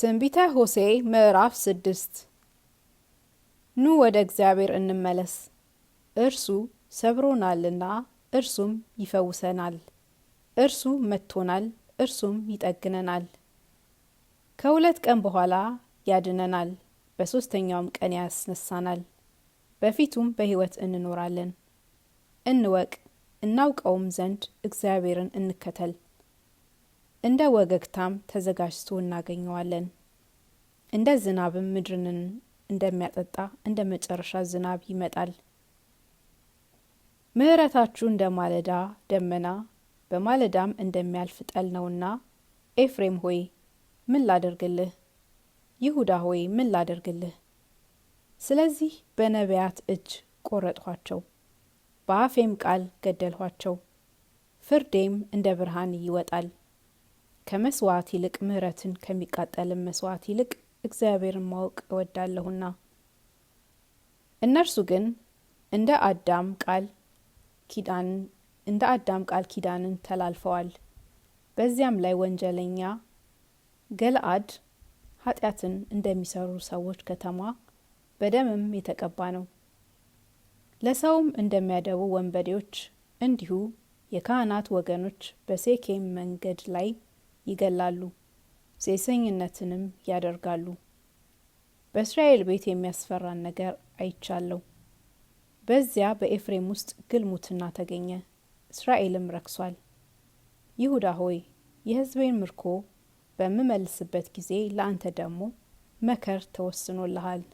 ትንቢተ ሆሴ ምዕራፍ ስድስት ኑ ወደ እግዚአብሔር እንመለስ፣ እርሱ ሰብሮናልና እርሱም ይፈውሰናል፣ እርሱ መጥቶናል፣ እርሱም ይጠግነናል፣ ከሁለት ቀን በኋላ ያድነናል፣ በሦስተኛውም ቀን ያስነሳናል፣ በፊቱም በሕይወት እንኖራለን። እንወቅ እናውቀውም ዘንድ እግዚአብሔርን እንከተል። እንደ ወገግታም ተዘጋጅቶ እናገኘዋለን። እንደ ዝናብም ምድርንን እንደሚያጠጣ እንደ መጨረሻ ዝናብ ይመጣል። ምሕረታችሁ እንደ ማለዳ ደመና በማለዳም እንደሚያልፍ ጠል ነውና። ኤፍሬም ሆይ ምን ላደርግልህ? ይሁዳ ሆይ ምን ላደርግልህ? ስለዚህ በነቢያት እጅ ቆረጥኋቸው፣ በአፌም ቃል ገደልኋቸው። ፍርዴም እንደ ብርሃን ይወጣል። ከመስዋዕት ይልቅ ምህረትን ከሚቃጠልም መስዋዕት ይልቅ እግዚአብሔርን ማወቅ እወዳለሁና። እነርሱ ግን እንደ አዳም ቃል ኪዳንን እንደ አዳም ቃል ኪዳንን ተላልፈዋል። በዚያም ላይ ወንጀለኛ ገልአድ ኃጢአትን እንደሚሰሩ ሰዎች ከተማ በደምም የተቀባ ነው። ለሰውም እንደሚያደቡ ወንበዴዎች እንዲሁ የካህናት ወገኖች በሴኬም መንገድ ላይ ይገላሉ፣ ሴሰኝነትንም ያደርጋሉ። በእስራኤል ቤት የሚያስፈራን ነገር አይቻለሁ። በዚያ በኤፍሬም ውስጥ ግልሙትና ተገኘ፣ እስራኤልም ረክሷል። ይሁዳ ሆይ የሕዝቤን ምርኮ በምመልስበት ጊዜ ለአንተ ደግሞ መከር ተወስኖልሃል።